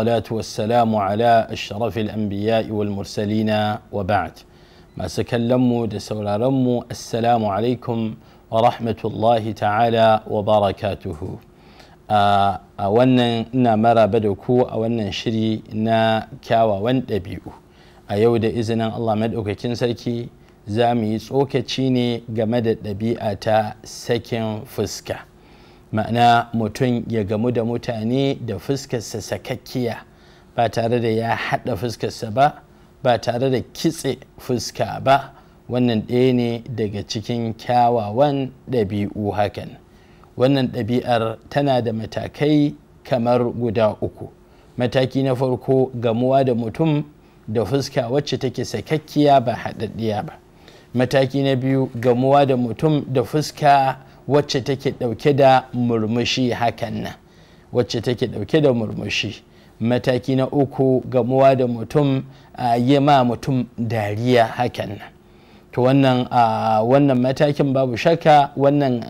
والصلاة والسلام على الشرف الأنبياء والمرسلين وبعد ما سكلموا دسولارمو السلام عليكم ورحمة الله تعالى وبركاته a wannan ina mara da ku a wannan shiri na kyawawan ɗabi'u a yau da izinin allah maɗaukakin sarki za mu yi tsokaci ne game da ɗabi'a ta sakin fuska ma'ana mutum ya gamu da mutane da fuskarsa sakakkiya ba tare da ya haɗa fuskarsa ba ba tare da kitse fuska ba wannan ɗaya ne daga cikin kyawawan ɗabi'u hakan wannan ɗabi'ar tana da matakai kamar guda uku mataki na farko gamuwa da mutum da fuska wacce take sakakkiya ba haɗaɗɗiya ba mataki na biyu gamuwa da mutum da fuska wacce take ɗauke da murmushi hakan nan wacce take ɗauke da murmushi mataki na uku gamuwa da mutum yi ma mutum dariya hakan nan to wannan wannan matakin babu shakka wannan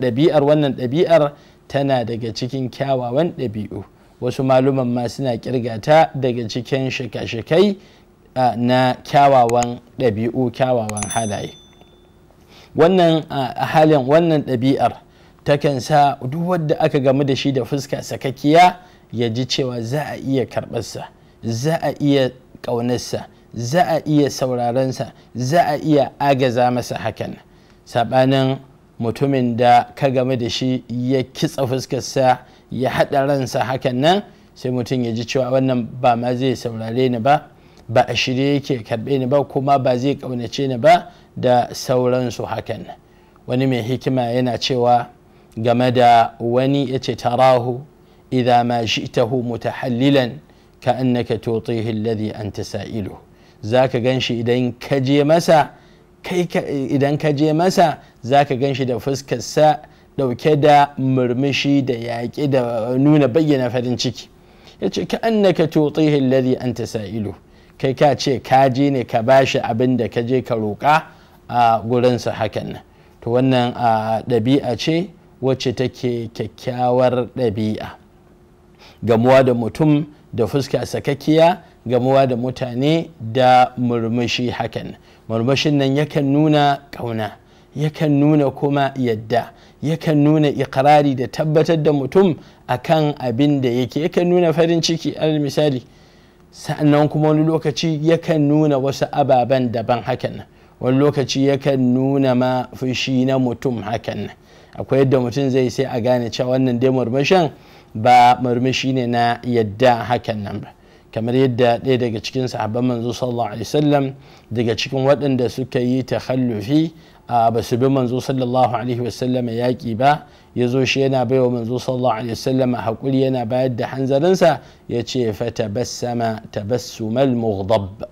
ɗabi'ar wannan ɗabi'ar tana daga cikin kyawawan ɗabi'u wasu maluman ma suna kirgata daga cikin shika-shikai na kyawawan ɗabi'u kyawawan halaye wannan a halin wannan ɗabi'ar takan sa duk wanda aka gamu da shi da fuska sakakkiya ya ji cewa za a iya karɓarsa za a iya ƙaunarsa za a iya saurarensa za a iya agaza masa hakan saɓanin mutumin da ka game da shi ya kitsa fuskarsa ya haɗa ransa hakan nan sai mutum ya ji cewa wannan ba ma zai saurare ni ba ba a shirye yake karɓe ni ba kuma ba zai ƙaunace ni ba da sauransu hakan wani mai hikima yana cewa game da wani ya ce tarahu idha ma shi'tahu mutahallilan ka annaka tutihi alladhi anta sa'ilu zaka ganshi idan ka masa kai idan kaje masa zaka ganshi da fuskar sa dauke da murmushi da yaƙi da nuna bayyana farin ciki yace ka annaka tutihi alladhi anta sa'ilu kai ka ce kaje ne ka bashi abin da kaje ka roƙa a gurinsa hakan nan to wannan a ɗabi'a ce wacce take kyakkyawar ɗabi'a gamuwa da mutum da fuska sakakkiya gamuwa da mutane da murmushi hakan murmushin nan yakan nuna ƙauna yakan nuna kuma yadda yakan nuna ikirari da tabbatar da mutum akan abin da yake yakan nuna farin ciki alal misali sa'annan kuma wani lokaci yakan nuna wasu ababen daban hakan wani lokaci yakan nuna ma fushi na mutum hakan akwai yadda mutum zai sai a gane cewa wannan dai murmushin ba murmushi ne na yadda hakan nan ba kamar yadda ɗaya daga cikin sahabban manzo sallallahu alaihi wasallam daga cikin waɗanda suka yi takhallufi a basu bi manzo sallallahu alaihi wasallam yaƙi ba ya zo shi yana baiwa manzo sallallahu alaihi wasallam haƙuri yana bayar da hanzarinsa ya ce fa tabassama tabassumal mughdab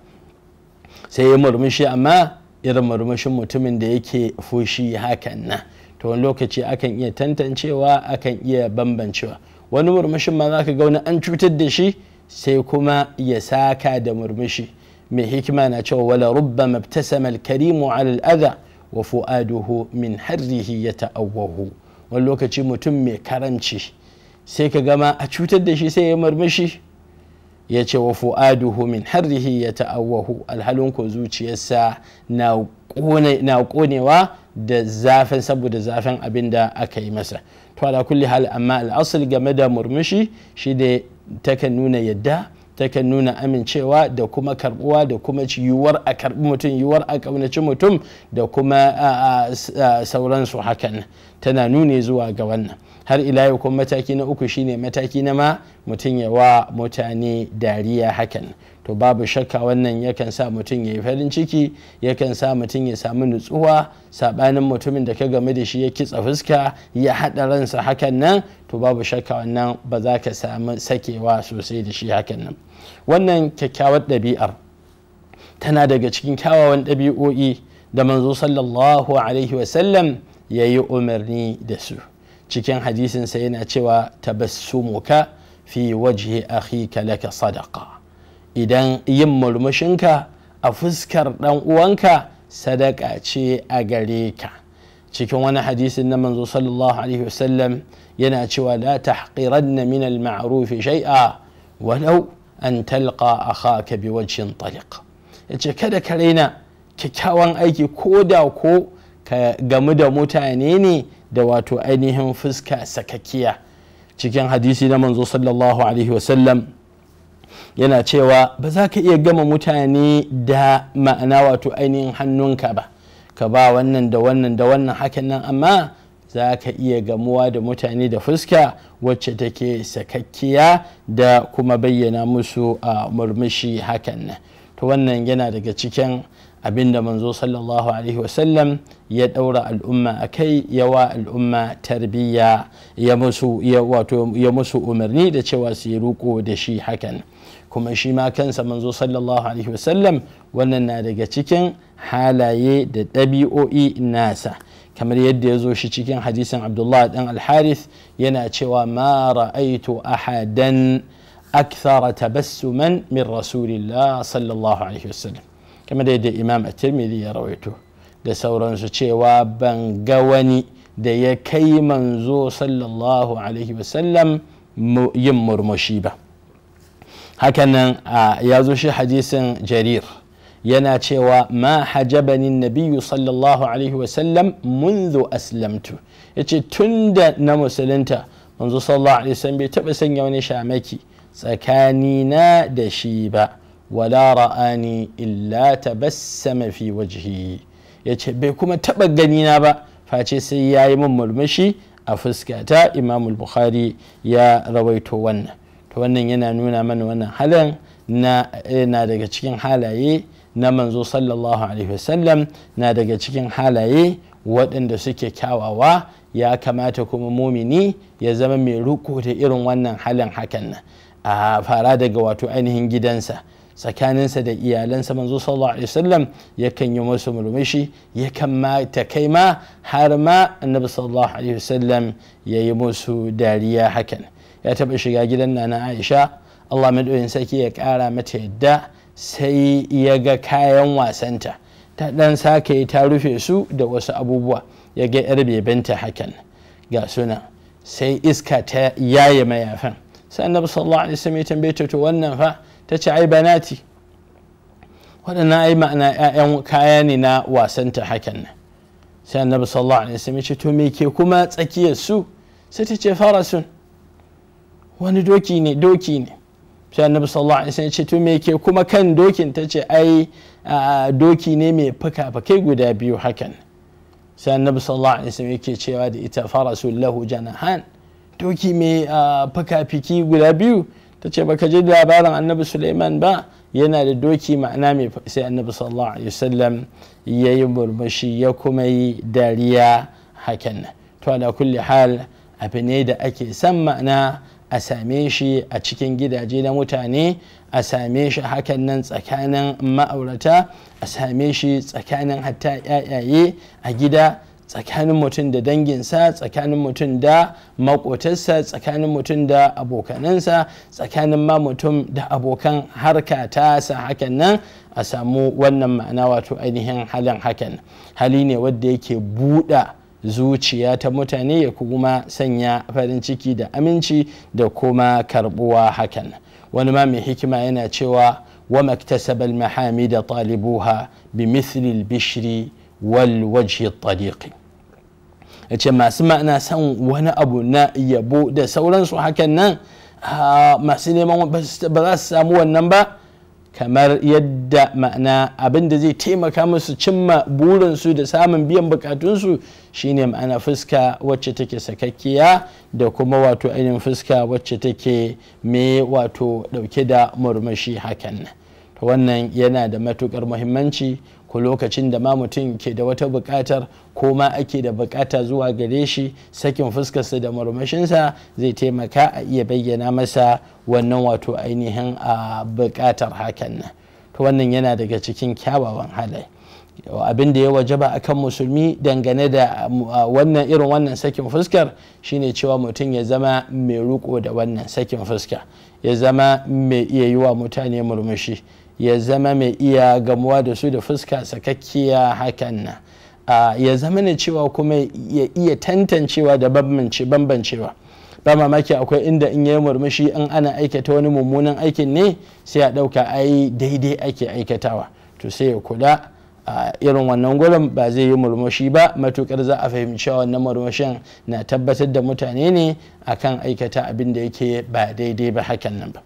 sai ya murmushi amma irin murmushin mutumin da yake fushi hakan na ta wani lokaci akan iya tantancewa akan iya bambancewa wani murmushin ma za ka gauna an cutar da shi sai kuma ya saka da murmushi mai hikima na cewa wala rubba mabtasama alkarimu ala al'adha wa fu'aduhu min harrihi ya ta'awwahu wani lokaci mutum mai karanci sai ka gama a cutar da shi sai ya murmushi ya ce wa fu'aduhu min harrihi ya ta'awahu alhalin ko zuciyarsa na konewa da zafin saboda zafin abin da aka yi masa to ala kulli hal amma al'asir game da murmushi shi da takan nuna yadda takan nuna amincewa da kuma karbuwa da kuma yiwuwar a karbi mutum yiwuwar a kaunaci mutum da kuma sauransu hakan tana nune zuwa ga wannan har ila yau kuma mataki na uku shine mataki na ma mutum yawa mutane dariya hakan to babu shakka wannan yakan sa mutum ya yi farin ciki yakan sa mutum ya samu nutsuwa saɓanin mutumin da ka game da shi ya kitsa fuska ya haɗa ransa hakan nan to babu shakka wannan ba za ka samu sakewa sosai da shi hakan nan wannan kyakkyawar ɗabi'ar tana daga cikin kyawawan ɗabi'o'i da manzo sallallahu alaihi wasallam ya yi umarni da su cikin hadisinsa yana cewa tabassumuka fi wajhi akhika laka sadaqa idan yin murmushinka a fuskar ɗan uwanka sadaka ce a gare ka cikin wani hadisin na manzo sallallahu alaihi wasallam yana cewa la tahqiranna min al-ma'ruf shay'a walau an talqa akhaka bi wajhin taliq yace kada ka raina kyakkyawan aiki ko da ko ka gamu da mutane ne da wato ainihin fuska sakakkiya cikin hadisi na manzo sallallahu alaihi wasallam yana cewa ba za ka iya gama mutane da ma'ana wato ainihin hannunka ba ka ba wannan da wannan da wannan hakan nan amma za ka iya gamuwa da mutane da fuska wacce take sakakkiya da kuma bayyana musu a murmushi hakan nan to wannan yana daga cikin abin da manzo sallallahu alaihi wasallam ya daura al'umma a kai yawa al'umma tarbiyya ya musu umarni da cewa su yi ruko da shi hakan kuma shi ma kansa manzo sallallahu alaihi wasallam wannan na daga cikin halaye da ɗabi'o'i nasa kamar yadda ya zo shi cikin hadisin abdullah dan alharith yana cewa ma ra'aitu ahadan akthara tabassuman min rasulillah sallallahu alaihi wasallam kamar yadda imam a tirmidhi ya rawaito da sauransu cewa ban ga wani da ya kai manzo sallallahu alaihi wasallam yin murmushi ba hakanan ya zo shi hadisin jarir yana cewa ma hajabani nabiyu sallallahu alaihi wasallam munzu aslamtu yace tunda na musulunta manzo sallallahu alaihi wasallam bai taba sanya wani shamaki tsakanina da shi ba wala ra'ani illa tabassama fi wajhi yace bai kuma taba ganina ba face sai ya yi min murmushi a fuskata imamul bukhari ya rawaito wannan to wannan yana nuna mana wannan halin eh, na daga cikin halaye na manzo sallallahu alaihi wasallam na daga cikin halaye waɗanda suke kyawawa ya kamata kuma mumini ya zama mai ruko da irin wannan halin hakan na a fara daga wato ainihin gidansa tsakaninsa da iyalansa manzo sallallahu alaihi wasallam yakan yi musu murmushi ya ma ta kai ma har ma annabi sallallahu alaihi wasallam ya yi musu dariya hakan ya taɓa shiga gidan nana aisha allah madoyin saki ya ƙara mata yadda sai ya ga kayan wasanta ta ɗan sake ta rufe su da wasu abubuwa ya ga yar bebenta hakan ga suna sai iska ta yaye mayafan sai annabi sallallahu alaihi wasallam ya tambaye ta wannan fa ta ce ai banati waɗannan ai ma'ana ƴaƴan kaya ne na wasanta hakan nan sai annabi sallallahu alaihi wasallam ya ce to me ke kuma tsakiyar su sai ta ce farasun wani doki ne doki ne sai annabi sallallahu alaihi wasallam ya ce to me ke kuma kan dokin ta ce ai doki ne mai fuka-fukai guda biyu hakan sai annabi sallallahu alaihi wasallam yake cewa da ita farasu lahu janahan doki mai fuka-fiki guda biyu ta ce baka ji labarin annabi suleiman ba yana da doki ma'ana mai sai annabi sallallahu alaihi wasallam ya yi murmushi ya kuma yi dariya hakan to da kulli hal abu ne da ake san ma'ana a same shi a cikin gidaje na mutane a same shi hakan nan tsakanin ma'aurata a same shi tsakanin hatta yayaye a gida tsakanin mutum da danginsa tsakanin mutum da makotarsa tsakanin mutum da abokanansa tsakanin ma mutum da abokan harka sa hakan nan a samu wannan ma'ana wato ainihin halin hakan hali ne wadda yake buɗa zuciya ta mutane ya kuma sanya farin ciki da aminci da kuma karbuwa hakan wani ma mai hikima yana cewa wa maktasabal da talibuha bi mithlil bishri wal wajhi tariqi yace masu ma'ana san wani abu na yabo da sauransu hakan nan ah, masu neman ba za su samu wannan ba kamar yadda ma'ana abin da zai taimaka musu cimma burinsu da samun biyan bukatunsu shine ma'ana fuska wacce take sakakkiya da kuma wato ainihin fuska wacce take mai wato dauke da murmushi hakan wannan yana da matukar muhimmanci ko lokacin da ma mutum ke da wata buƙatar ko ma ake da buƙata zuwa gare shi sakin fuskarsa da murmushinsa zai taimaka a iya bayyana masa wannan wato ainihin a buƙatar hakan nan to wannan yana daga cikin kyawawan halaye abin da ya wajaba akan musulmi dangane da wannan irin wannan sakin fuskar shine cewa mutum ya zama mai ruko da wannan sakin fuska ya zama mai iya yi wa mutane murmushi ya zama mai iya gamuwa da su da fuska sakakkiya hakan nan ya zama ne cewa kuma ya iya tantancewa da bambancewa ba mamaki akwai inda in yi murmushi in ana aikata wani mummunan aikin ne sai a ɗauka ai daidai ake aikatawa to sai ya kula a irin wannan gurin ba zai yi murmushi ba matukar za a fahimci wannan murmushin na tabbatar da mutane ne akan aikata abin da yake ba daidai ba hakan nan ba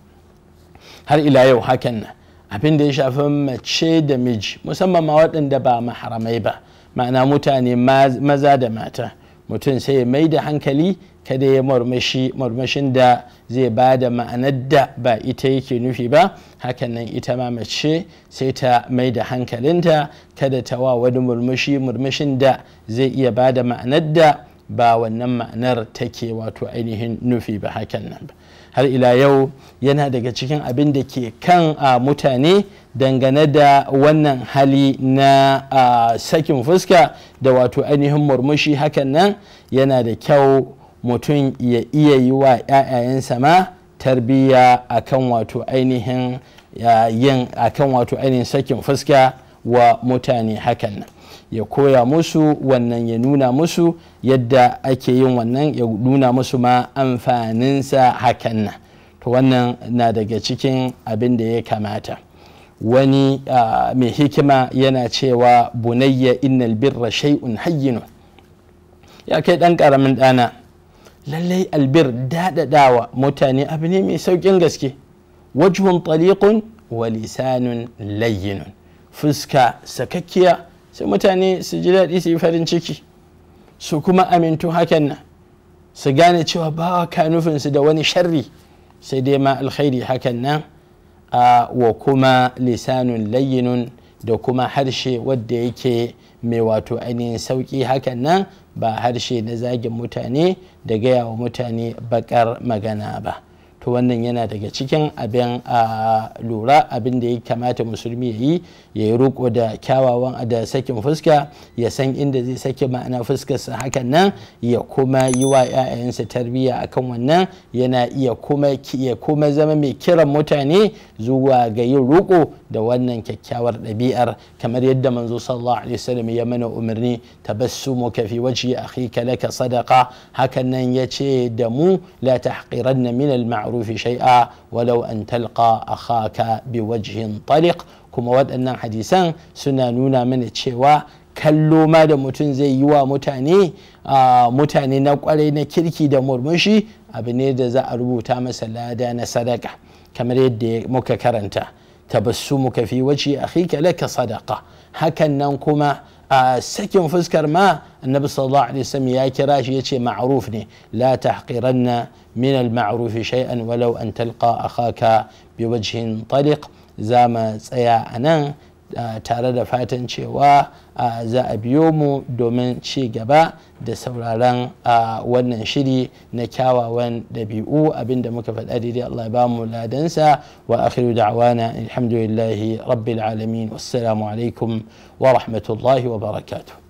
har ila yau hakan nan abin da ya shafi mace da miji musamman ma waɗanda ba maharamai ba ma'ana mutane maza da mata mutum sai ya mai da hankali kada ya murmushi murmushin da zai ba da ma'anar da ba ita yake nufi ba hakan nan ita ma mace sai ta mai da hankalinta kada ta wa wani murmushi murmushin da zai iya ba da ma'anar da ba wannan ma'anar take wato ainihin nufi ba hakan nan ba har ila yau yana daga cikin abin da ke kan mutane dangane da wannan hali na sakin fuska da wato ainihin murmushi hakan nan yana da kyau mutum ya iya yi wa 'ya'yayensa ma tarbiyya akan wato ainihin yin akan wato ainihin sakin fuska wa mutane hakan nan ya koya musu wannan ya nuna musu yadda ake yin wannan ya nuna musu ma amfaninsa hakan nan to wannan na daga cikin abin da ya kamata wani mai hikima yana cewa bunayya innal birra shay'un hayyinun ya kai dan karamin dana lallai albir daɗaɗawa mutane abu ne mai saukin gaske wajhun taliqun wa lisanun layyinun fuska sakakkiya sai mutane su ji daɗi su yi farin ciki su kuma amintu hakan nan su gane cewa ba ka nufinsu da wani sharri sai dai ma alkhairi hakan nan wa kuma lisanun layyinun da kuma harshe wadda yake mai wato ainihin sauƙi hakan nan ba harshe na zagin mutane da gaya wa mutane bakar magana ba. to wannan yana daga cikin abin a lura abin da ya kamata musulmi ya yi ya yi roƙo da kyawawan da sakin fuska ya san inda zai sake ma'ana fuskarsa hakan nan ya kuma yi wa 'ya'yansa tarbiyya akan wannan yana iya kuma ya kuma zama mai kiran mutane zuwa ga yin roƙo da wannan kyakkyawar ɗabi'ar kamar yadda manzo sallallahu alaihi wasallam ya mana umarni tabassumuka fi wajhi akhika laka sadaqa hakan nan yace da mu la tahqiranna min al ma'ruf shay'a walau an talqa akhaka biwajhin taliq kuma waɗannan hadisan suna nuna mana cewa kallo ma da mutum zai yi wa mutane mutane na kwarai na kirki da murmushi abu ne da za a rubuta masa lada na sadaka kamar yadda muka karanta muka fi waji akhika laka sadaka, hakan nan kuma sakin fuskar ma النبي صلى الله عليه وسلم يا كراش يتي معروفني لا تحقرن من المعروف شيئا ولو أن تلقى أخاك بوجه طلق زام سيا أنا آه، تارد فاتن شوا آه، زا بيومو دومين شي غبا دسولا لان آه، ون شري نكاوا ون دبيو أبن دمك فالأدي الله بامو لا وأخر دعوانا الحمد لله رب العالمين والسلام عليكم ورحمة الله وبركاته